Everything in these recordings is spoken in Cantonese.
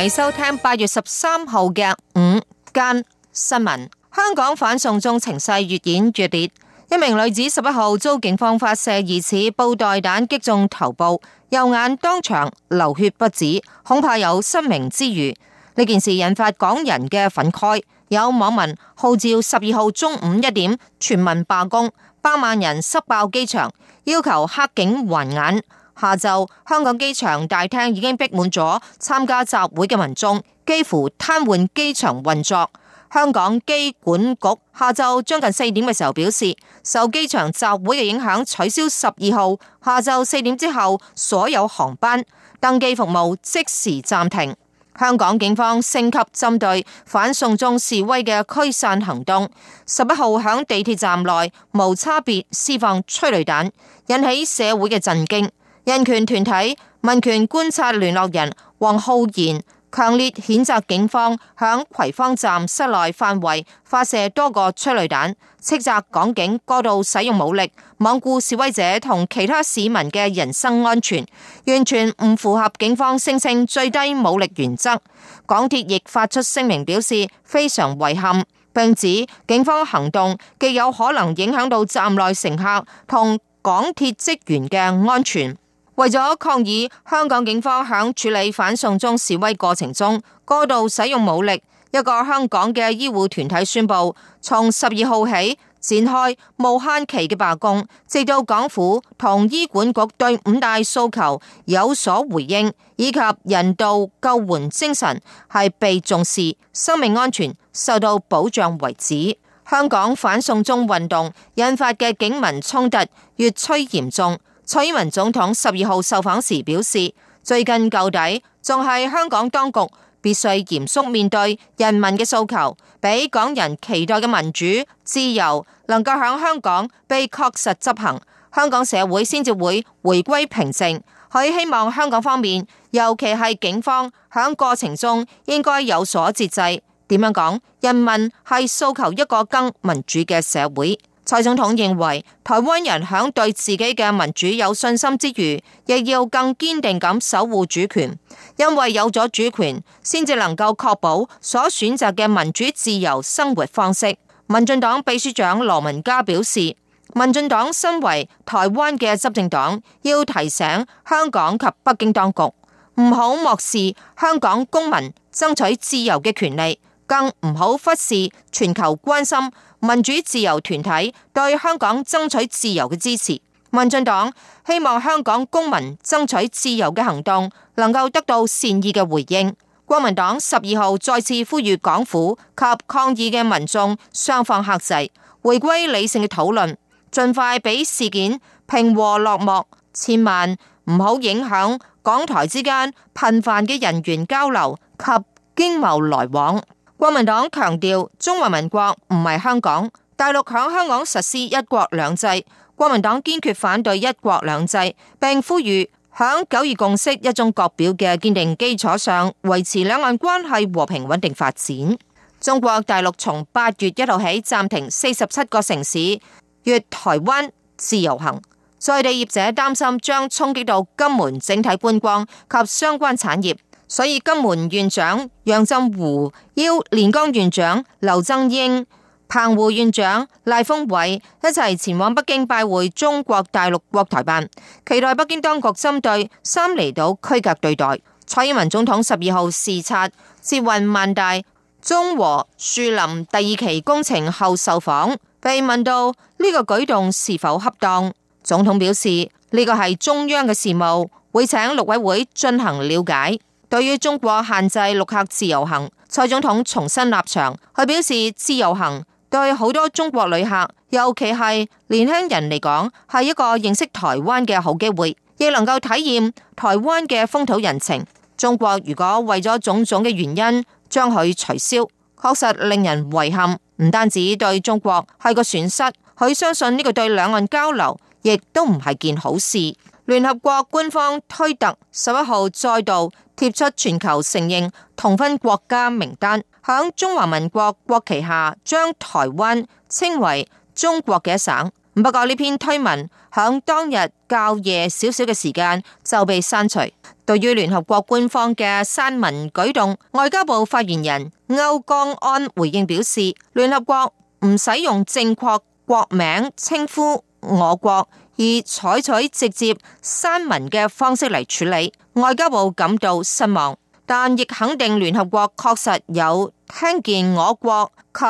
你收聽八月十三號嘅午間新聞。香港反送中情勢越演越烈，一名女子十一號遭警方發射疑似布袋彈擊中頭部，右眼當場流血不止，恐怕有失明之虞。呢件事引發港人嘅憤慨，有網民號召十二號中午一點全民罷工，百萬人塞爆機場，要求黑警還眼。下晝，香港機場大廳已經逼滿咗參加集會嘅民眾，幾乎癱瘓機場運作。香港機管局下晝將近四點嘅時候表示，受機場集會嘅影響，取消十二號下晝四點之後所有航班登機服務，即時暫停。香港警方升級針對反送中示威嘅驅散行動，十一號響地鐵站內無差別施放催淚彈，引起社會嘅震驚。人權團體民權觀察聯絡人王浩然強烈譴責警方響葵芳站室內範圍發射多個催淚彈，斥責港警過度使用武力，罔顧示威者同其他市民嘅人身安全，完全唔符合警方聲稱最低武力原則。港鐵亦發出聲明表示非常遺憾，並指警方行動既有可能影響到站內乘客同港鐵職員嘅安全。為咗抗議香港警方響處理反送中示威過程中過度使用武力，一個香港嘅醫護團體宣布，從十二號起展開無限期嘅罷工，直到港府同醫管局對五大訴求有所回應，以及人道救援精神係被重視、生命安全受到保障為止。香港反送中運動引發嘅警民衝突越趨嚴重。蔡英文總統十二號受訪時表示，最近到底仲係香港當局必須嚴肅面對人民嘅訴求，俾港人期待嘅民主自由能夠響香港被確實執行，香港社會先至會回歸平靜。佢希望香港方面，尤其係警方，響過程中應該有所節制。點樣講？人民係訴求一個更民主嘅社會。蔡總統認為，台灣人喺對自己嘅民主有信心之餘，亦要更堅定咁守護主權，因為有咗主權先至能夠確保所選擇嘅民主自由生活方式。民進黨秘書長羅文嘉表示，民進黨身為台灣嘅執政黨，要提醒香港及北京當局，唔好漠視香港公民爭取自由嘅權利，更唔好忽視全球關心。民主自由團體對香港爭取自由嘅支持，民進黨希望香港公民爭取自由嘅行動能夠得到善意嘅回應。國民黨十二號再次呼籲港府及抗議嘅民眾雙方克制，回歸理性嘅討論，盡快俾事件平和落幕，千萬唔好影響港台之間頻繁嘅人員交流及經貿來往。國民黨強調，中華民國唔係香港，大陸響香港實施一國兩制。國民黨堅決反對一國兩制，並呼籲響九二共識一中各表嘅堅定基礎上，維持兩岸關係和平穩定發展。中國大陸從八月一號起暫停四十七個城市越台灣自由行，在地業者擔心將衝擊到金門整體觀光及相關產業。所以金門縣長楊振湖邀連江縣長劉增英、澎湖縣長賴峰偉一齊前往北京拜會中國大陸國台辦，期待北京當局針對三離島區隔對待。蔡英文總統十二號視察捷運萬大中和樹林第二期工程後受訪，被問到呢個舉動是否恰當，總統表示呢個係中央嘅事務，會請陸委會進行了解。對於中國限制陸客自由行，蔡總統重新立場，佢表示自由行對好多中國旅客，尤其係年輕人嚟講，係一個認識台灣嘅好機會，亦能夠體驗台灣嘅風土人情。中國如果為咗種種嘅原因將佢取消，確實令人遺憾。唔單止對中國係個損失，佢相信呢個對兩岸交流亦都唔係件好事。聯合國官方推特十一號再度貼出全球承認同分國家名單，響中華民國國旗下將台灣稱為中國嘅一省。不過呢篇推文響當日較夜少少嘅時間就被刪除。對於聯合國官方嘅刪文舉動，外交部發言人歐江安回應表示：聯合國唔使用，用正確國名稱呼。我國以採取直接刪文嘅方式嚟處理，外交部感到失望，但亦肯定聯合國確實有聽見我國及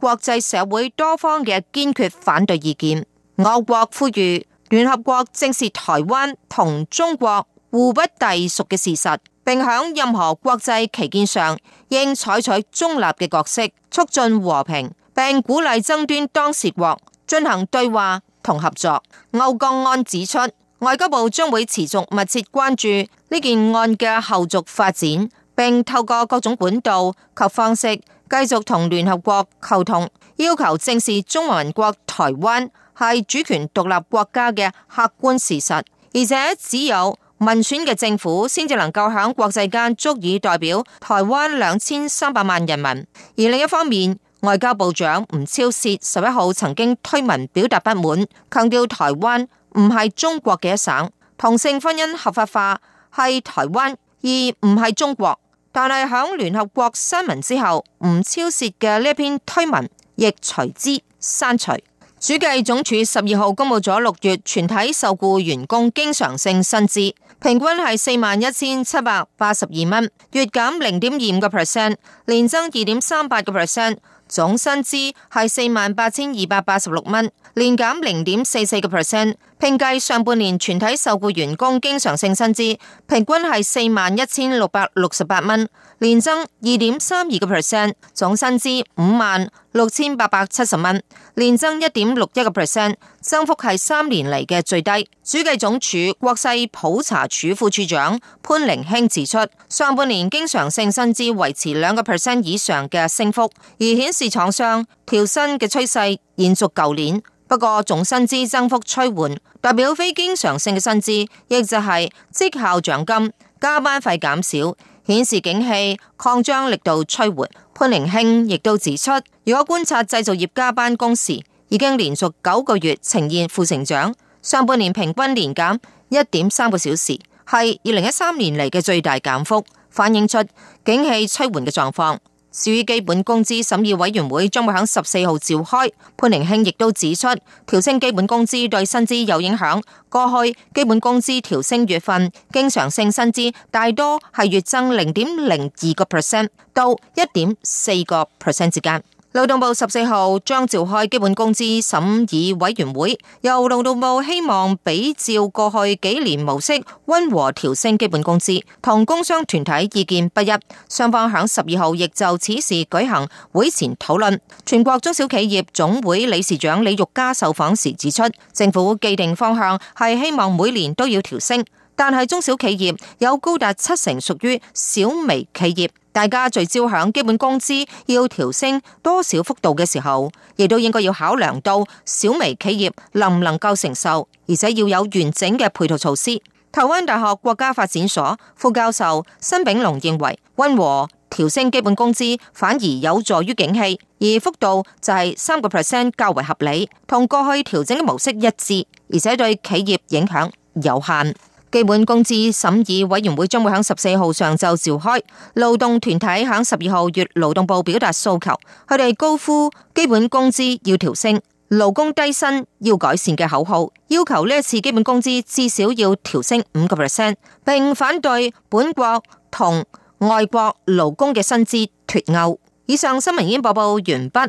國際社會多方嘅堅決反對意見。我國呼籲聯合國正視台灣同中國互不隸屬嘅事實，並喺任何國際旗艦上應採取中立嘅角色，促進和平，並鼓勵爭端當事國進行對話。同合作，歐江安指出，外交部將會持續密切關注呢件案嘅後續發展，並透過各種管道及方式繼續同聯合國溝通，要求正視中華民國台灣係主權獨立國家嘅客觀事實，而且只有民選嘅政府先至能夠響國際間足以代表台灣兩千三百萬人民。而另一方面，外交部長吳釗燮十一號曾經推文表達不滿，強調台灣唔係中國嘅一省，同性婚姻合法化係台灣而唔係中國。但係響聯合國新聞之後，吳釗燮嘅呢一篇推文亦隨之刪除。主計總處十二號公布咗六月全體受僱員工經常性薪資平均係四萬一千七百八十二蚊，月減零點二五個 percent，年增二點三八個 percent。總薪資係四萬八千二百八十六蚊，年減零點四四個 percent。計上半年全體受僱員工經常性薪資平均係四萬一千六百六十八蚊，年增二點三二個 percent，總薪資五萬六千八百七十蚊，年增一點六一個 percent，增幅係三年嚟嘅最低。主計總署國勢普查處副處長潘寧興指出，上半年經常性薪資維持兩個 percent 以上嘅升幅，而顯示廠商調薪嘅趨勢延續舊年。不過總薪資增幅趨緩，代表非經常性嘅薪資，亦就係績效獎金、加班費減少，顯示景氣擴張力度趨緩。潘寧興亦都指出，如果觀察製造業加班工時，已經連續九個月呈現負成長，上半年平均年減一點三個小時，係二零一三年嚟嘅最大減幅，反映出景氣趨緩嘅狀況。至於基本工資審議委員會將會喺十四號召開，潘寧興亦都指出，調升基本工資對薪資有影響。過去基本工資調升月份，經常性薪資大多係月增零點零二個 percent 到一點四個 percent 之間。勞動部十四號將召開基本工資審議委員會，由勞動部希望比照過去幾年模式，溫和調升基本工資，同工商團體意見不一，雙方響十二號亦就此事舉行會前討論。全國中小企業總會理事長李玉嘉受訪時指出，政府既定方向係希望每年都要調升，但係中小企業有高達七成屬於小微企業。大家聚焦響基本工資要調升多少幅度嘅時候，亦都應該要考量到小微企業能唔能夠承受，而且要有完整嘅配套措施。台灣大學國家發展所副教授辛炳龍認為，温和調升基本工資反而有助於景氣，而幅度就係三個 percent 較為合理，同過去調整嘅模式一致，而且對企業影響有限。基本工資審議委員會將會喺十四號上晝召開。勞動團體喺十二號月勞動部表達訴求，佢哋高呼基本工資要調升、勞工低薪要改善嘅口號，要求呢一次基本工資至少要調升五個 percent，並反對本國同外國勞工嘅薪資脱鈎。以上新聞已經播報完畢，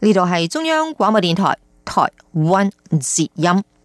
呢度係中央廣播電台台灣之音。